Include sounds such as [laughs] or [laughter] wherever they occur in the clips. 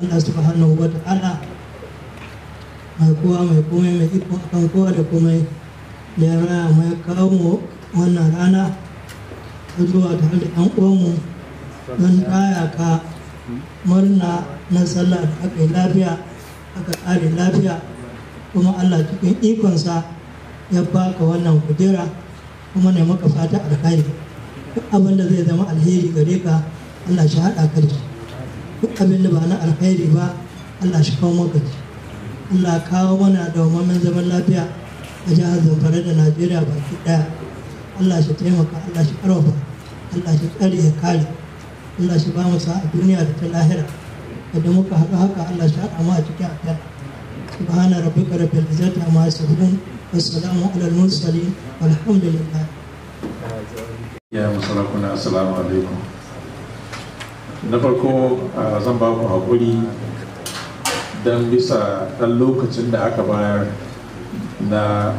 Allah subhanahu wa ta'ala mai kowa mai komai mai iko kan kowa da komai da ya raya mai kawo wannan rana ta zuwa tare da ɗan uwanmu don kaya ka murna na sallah da aka yi lafiya aka ƙare lafiya kuma Allah cikin ikonsa ya baka wannan kujera kuma ne maka fata alkhairi duk abin da zai zama alheri gare ka Allah shi haɗa karfi أبل بانا الخير با الله شكو مكت الله كاو منا دوما من زمن لا بيا أجاز برد نجيريا بكتا الله شتيمك الله شكروبا الله شكالي هكالي الله شبام ساعة الدنيا تلاهرة أدموك حقا حقا الله شعر أما أتكي أتكي سبحان ربك رب العزة أما سبحون والسلام على المرسلين والحمد لله يا مصرحنا السلام عليكم na farko zan ba ku haƙuri don bisa ɗan lokacin da aka bayar na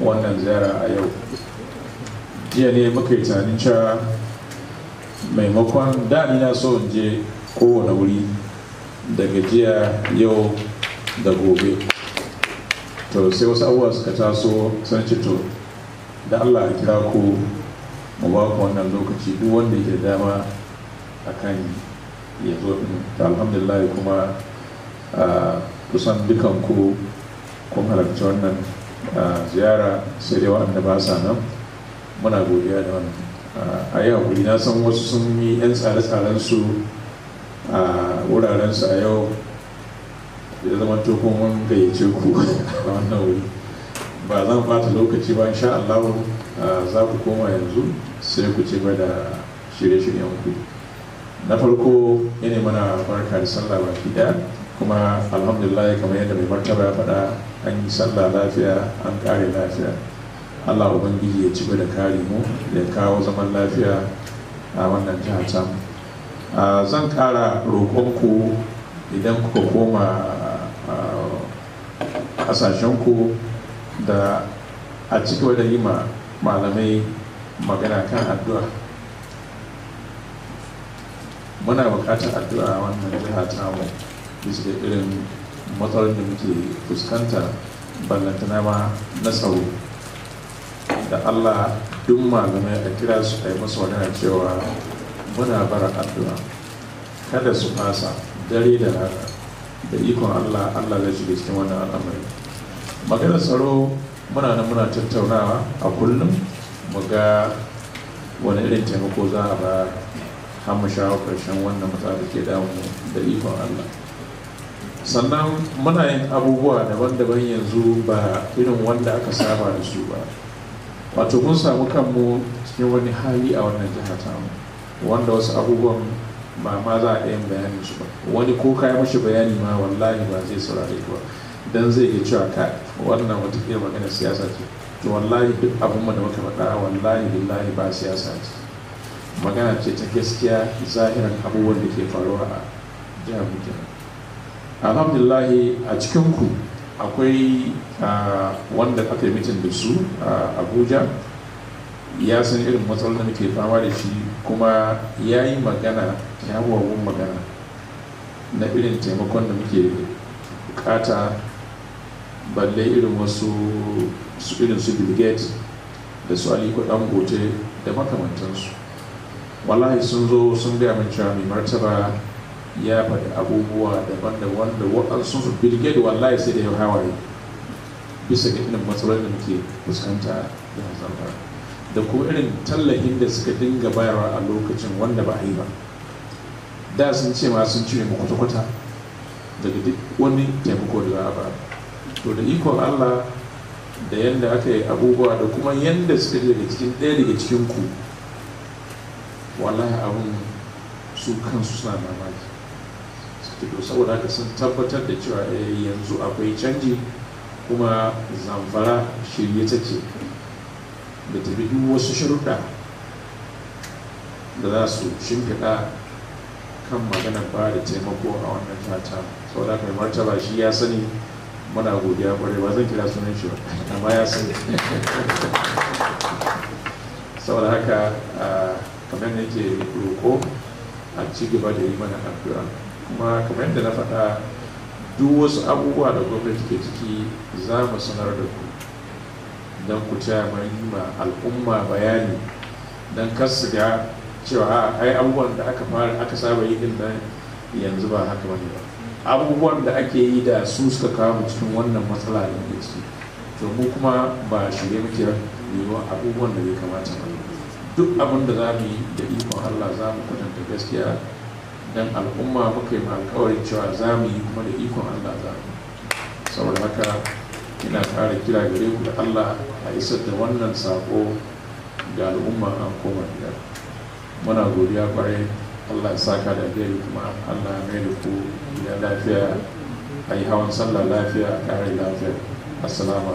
wannan ziyara a yau jiya ne muka yi tunanin cewa maimakon da na so in je kowane wuri daga jiya yau da gobe to sai wasu abubuwa suka taso sun ce to da allah a kira ku mu ba ku wannan lokaci duk wanda yake dama akan ya zo alhamdulillah kuma kusan dukan ku kun halarci wannan ziyara sai dai waɗanda ba sa nan muna godiya da wannan a yi hakuri na san wasu sun yi 'yan tsare-tsaren su a wuraren su a yau da zama to mun gayyace ku [laughs] a wannan wuri ba zan bata lokaci ba insha Allah za ku koma yanzu sai ku ci gaba da shirye-shiryen ku. na farko yana mana farka da sallah baki daya kuma alhamdulillah kamar yadda mai martaba ya faɗa an yi sallah lafiya an kare lafiya allah ubangiji ya ci da kare mu ya kawo zaman lafiya a wannan jihar tamu zan kara roƙonku idan kuka koma ƙasashenku da a cikin da yi ma malamai magana kan addu'a muna bukatar addu'a a wannan jiha tamu bisa da irin matsalar da muke fuskanta ballantana ma na tsaro da allah duk malamai a kira su a yi masa wani cewa muna bara addu'a kada su fasa dare da rana da ikon allah allah zai shiga cikin wannan al'amari maganar tsaro muna nan muna tattaunawa a kullum mu ga wani irin taimako za a ba har mu shawo ƙarshen wannan da ke damu da ikon Allah sannan muna yin abubuwa daban-daban yanzu ba irin wanda aka saba da su ba wato mun samu kanmu cikin wani hali a wannan jiha tamu wanda wasu abubuwan ba ma za a yin bayanin su ba wani ko kai mashi bayani ma wallahi ba zai saurare ba dan zai iya cewa ka wannan wata magana siyasa ce to wallahi duk abin da muka faɗa wallahi billahi ba siyasa ce magana ce ta gaskiya zahiran abubuwan da ke faruwa a jihar kenan alhamdulahi a cikinku akwai wanda aka yi mitin da su a abuja ya san irin matsalolin da ke fama da shi kuma ya yi magana kyawawan magana na irin taimakon da muke bukata balle irin wasu su irin su bilgate da su aliko gote da makamantansu wallahi sun zo sun gaya min cewa mai martaba ya faɗi abubuwa daban da wanda waɗansu su birge da wallahi sai da ya hawaye bisa ga irin matsalolin da muke fuskanta da zamfara da kuma irin tallafin da suka dinga bayarwa a lokacin wanda ba a yi ba da sun ce ma sun cire mu kwata-kwata daga duk wani taimako da za ba to da ikon allah da yadda aka yi abubuwa da kuma yadda suka daga cikin ɗaya daga cikin ku wallahi abin su kansu suna mamaki to saboda haka sun tabbatar da cewa eh, yanzu akwai canji kuma zamfara shirye ta ce. da tafi duk wasu shirka da za su shimfiɗa kan maganar ba da taimako a wannan fata saboda haka martaba shi ya sani muna godiya kwarai ba zan kira sunan shi ba amma ya sani [laughs] saboda haka ah, kamar da yake roko a ci gaba da yi mana addu'a kuma kamar da na faɗa duk wasu abubuwa da gwamnati ke ciki za mu sanar da ku don ku taya ma al'umma bayani don kar su ga cewa ai abubuwan da aka fara aka saba yi din nan yanzu ba haka bane ba abubuwan da ake yi da su suka kawo cikin wannan matsala da ke ciki to mu kuma ba shirye muke yiwuwa abubuwan da bai kamata ba duk abin da za mu yi da ikon allah za mu kwatanta gaskiya don al'umma muka yi alkawarin cewa za mu yi kuma da ikon allah za mu saboda haka ina ƙara kira gare ku da allah a isar da wannan sako ga al'umma an koma gida muna godiya kwarai allah ya saka da gari kuma allah ya mai da ku gida lafiya a yi hawan sallah lafiya a ƙare lafiya assalamu